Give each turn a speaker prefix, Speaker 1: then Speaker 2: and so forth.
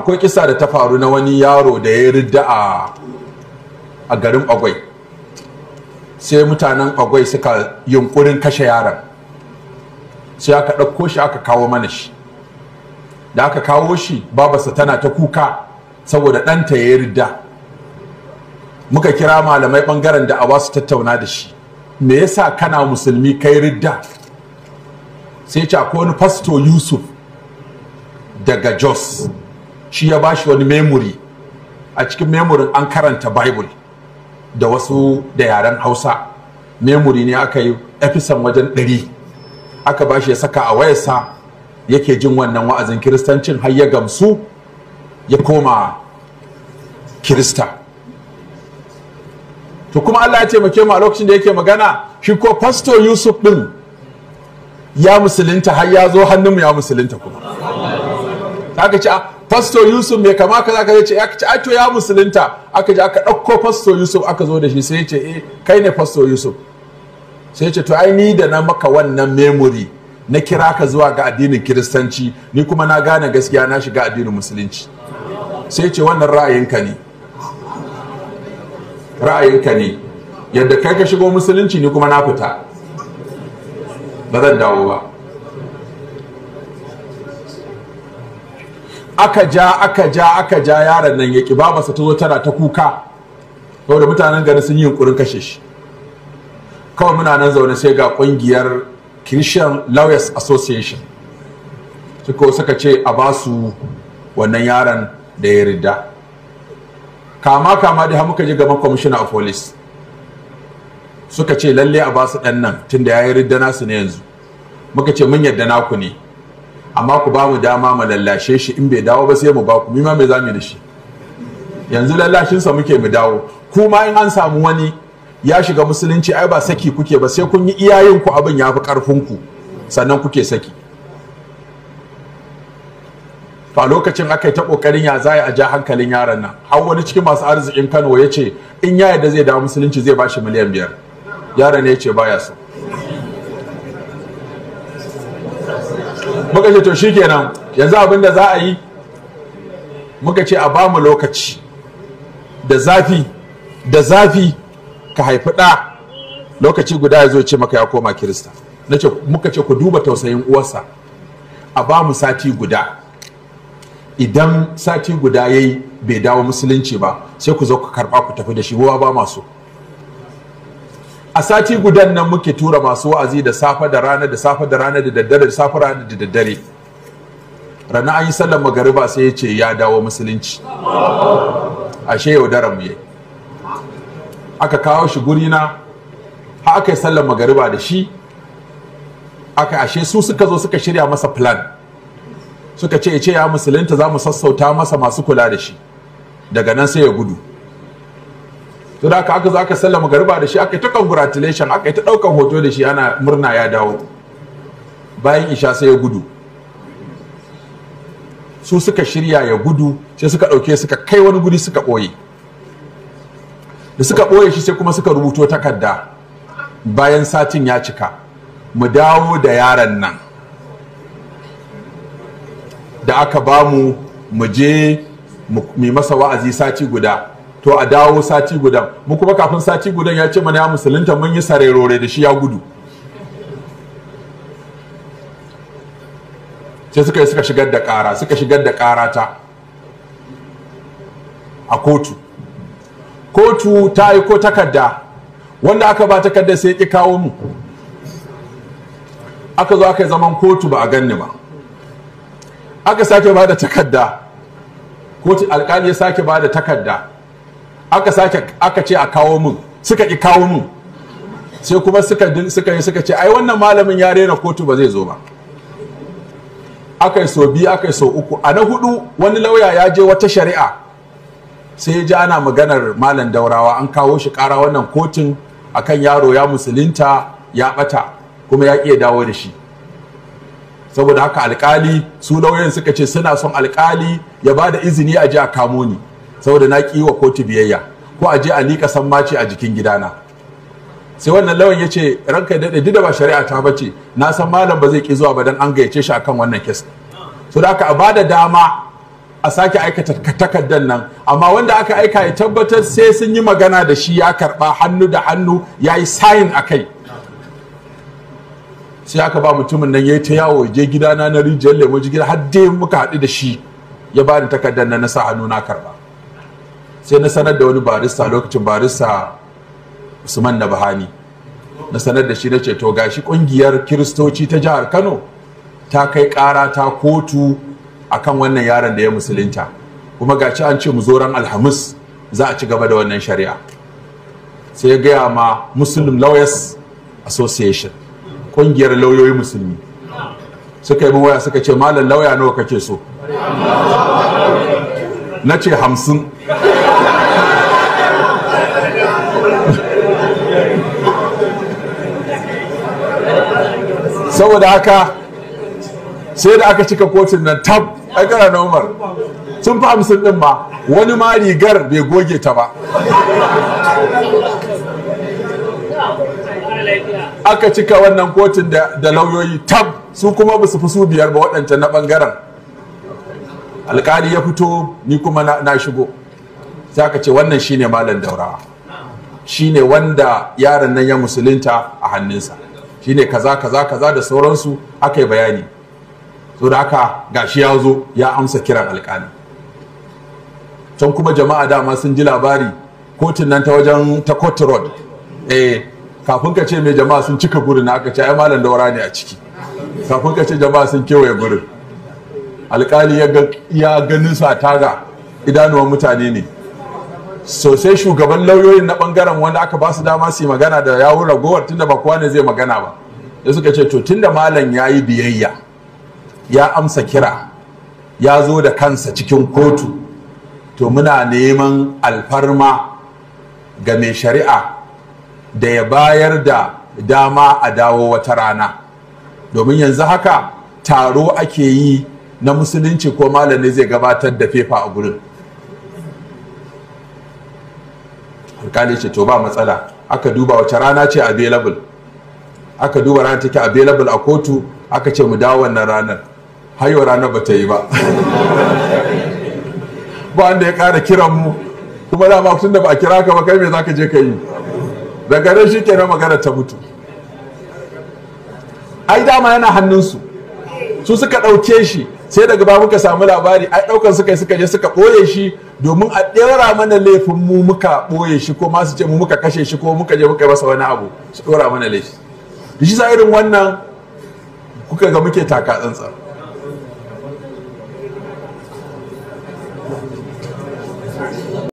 Speaker 1: akwai kisa da ta faru na wani yaro da ya ridda a garin agwai sai mutanen agwai suka yunkurin kashe yaron sai aka ɗauko shi aka kawo mana shi da aka kawo shi babarsa tana ta kuka saboda ɗanta ya ridda muka kira malamai ɓangaren da a su tattauna da shi me yasa kana musulmi kai ridda sai ce akwai wani fasto yusuf daga jos shi ya ba shi wani memory a cikin memorin an karanta bible da wasu da yaren hausa memory ne aka yi efisan wajen ɗari aka bashi ya saka a wayarsa yake jin wannan wa'azin kiristancin har ya gamsu ya koma kirista to kuma Allah ya taimake mu a lokacin da yake magana shi ko pastor Yusuf din ya musulunta har ya zo hannunmu ya musulunta kuma ta ce ah, pastor yusuf mai kama kaza kaza ce aka ce a to ya musulunta aka je aka ɗauko pastor yusuf aka zo da shi sai ce eh kai ne pastor yusuf sai ce to ai ni da na maka wannan memory na kira ka zuwa ga addinin kiristanci ni kuma na gane gaskiya na shiga addinin musulunci sai ce wannan ra'ayinka ne ra'ayinka ne yadda kai ka shigo musulunci ni kuma na fita ba zan dawo ba aka ja aka ja aka ja yaron nan ya ki babarsa ta zo tana ta kuka saboda mutanen gari sun yi yunkurin kashe shi kawai muna nan zaune sai ga kungiyar Christian Lawyers Association suka suka ce a ba su wannan yaron da ya rida kama kama da muka ji gaban commissioner of police suka ce lalle a ba su dan nan tunda yi ridda nasu ne yanzu muka ce mun yadda naku ne amma ku ba mu dama mu lallashe shi in bai dawo ba sai mu ba ku mima mai zamu da shi yanzu sa muke mu dawo kuma in an samu wani ya shiga musulunci ai ba saki kuke ba sai kun yi iyayen ku abin ya fi karfin ku sannan kuke saki fa lokacin aka yi ta kokarin ya zai a ja hankalin yaron nan har wani cikin masu arzikin kano ya ce in ya yarda zai dawo musulunci zai ba shi miliyan biyar yaron ne ya ce baya so muka ce to shikenan yanzu abin da za a yi muka ce a ba mu lokaci da zafi da zafi ka haifi ɗa lokaci guda ya zo ce maka ya koma kirista muka ce ku duba tausayin uwarsa a ba mu sati guda idan sati guda ya bai dawo musulunci ba sai ku zo ku karɓa ku tafi da shi ruwa ba masu a sati gudan nan muke tura masu wa'azi da safe da rana da safe da rana da daddare da safe rana da daddare rana an yi sallar magariba sai ya ce ya dawo musulunci ashe yaudaran mu yi aka kawo shi guri na har aka yi sallar magariba da shi aka ashe su suka zo suka shirya masa plan suka ce ya ce ya musulunta za mu sassauta masa masu kula da shi daga nan sai ya gudu to da aka aka zo sallama garba da shi aka yi ta congratulation aka yi ta daukan hoto da shi ana murna ya dawo bayan isha sai ya gudu su suka shirya ya gudu sai suka ɗauke suka kai wani guri suka ɓoye da suka ɓoye shi sai kuma suka rubuto takarda bayan satin ya cika mu dawo da yaran nan da aka bamu mu je mu masa wa'azi sati guda to a dawo sati gudan mu kuma kafin sati gudan ya ce mana ya musulunta mun yi sarerore da shi ya gudu sai suka yi suka shigar da ƙara suka shigar da ƙara ta a kotu kotu ta yi ko takarda wanda aka ba takarda sai ki kawo mu aka zo aka yi zaman kotu ba a ganni ba aka sake ba da takarda kotu alkali ya sake ba da takarda aka sake aka ce a kawo mun suka ki kawo mun sai kuma suka suka yi suka ce ai wannan malamin ya rena kotu ba zai zo ba aka yi so biyu aka yi so uku a na hudu wani lauya ya je wata shari'a sai ya ji ana maganar malam daurawa an kawo shi kara wannan kotun akan yaro ya musulunta ya bata kuma ya iya dawo da shi saboda haka alkali su lauyan suka ce suna son alkali ya bada izini a ji a kamo ni saboda na ki wa kotu biyayya ko a je a lika san mace a jikin gidana sai wannan lawan ya ce ranka da dade da ba shari'a ta bace na san malam ba zai ki zuwa ba dan an gayyace shi akan wannan kes so da aka a bada dama a sake aikata takardar nan amma wanda aka aika ya tabbatar sai sun yi magana da shi ya karba hannu da hannu ya yi sayin a kai sai aka ba mutumin nan ya yi ta yawo je gidana na rijiyar lemo jigila har dai muka haɗu da shi ya bani takaddan nan na sa hannu na karba sai na sanar da wani barista lokacin barista usman na bahani na sanar da shi na ce to gashi kungiyar kiristoci ta jihar kano ta kai ƙara ta kotu akan wannan yaron da ya musulunta kuma gashi an ce mu zo ran alhamis za a ci gaba da wannan shari'a sai ya gaya ma muslim lawyers association kungiyar lauyoyi musulmi suka yi waya suka ce malam lauya nawa kake so na ce hamsin saboda haka sai da aka cika kotun nan tab a ƙara na umar sun fi hamsin ɗin ba wani ma rigar bai goge ta ba aka cika wannan kotun da lauyoyi tab su kuma ba su fi su biyar ba waɗancan na ɓangaren alƙali ya fito ni kuma na shigo za ka ce wannan shine malam daurawa shine wanda yaron nan ya musulunta a hannunsa shine kaza kaza kaza da sauransu aka yi bayani so da haka gashi ya zo ya amsa kiran alƙali can kuma jama'a dama sun ji labari kotun nan ta wajen ta court road eh kafin ka ce mai jama'a sun cika gurin aka ce ai malam daura ne a ciki kafin ka ce jama'a sun kewaye gurin alƙali ya ganin sa taga idanuwan mutane ne sosai shugaban lauyoyin na bangaren wanda aka ba su dama su yi magana da yawun ragowar tunda ba kowa ne zai magana ba da suka ce to tunda malam ya yi biyayya ya amsa kira ya zo da kansa cikin kotu to muna neman alfarma ga mai shari'a da ya bayar da dama a dawo wata rana domin yanzu haka taro ake yi na musulunci ko Malam ne zai gabatar da fefa a gurin alkali ce to ba matsala aka duba wace rana ce available aka duba rana take available a kotu aka ce mu dawo wannan ranar hayo ranar ba ta yi ba ba wanda ya kara kiran mu kuma da ma tun da ba a kira ka ba kai me ka je ka yi daga ke na magana ta mutu ai dama yana hannun su su suka dauke shi sai daga ba muka samu labari ai daukan suka suka je suka boye shi domin a ɗora mana laifin mu muka ɓoye shi ko masu ce mu muka kashe shi ko muka je muka masa wani abu su ɗora mana laifi shi sa irin wannan kuka ga muke taka tsantsan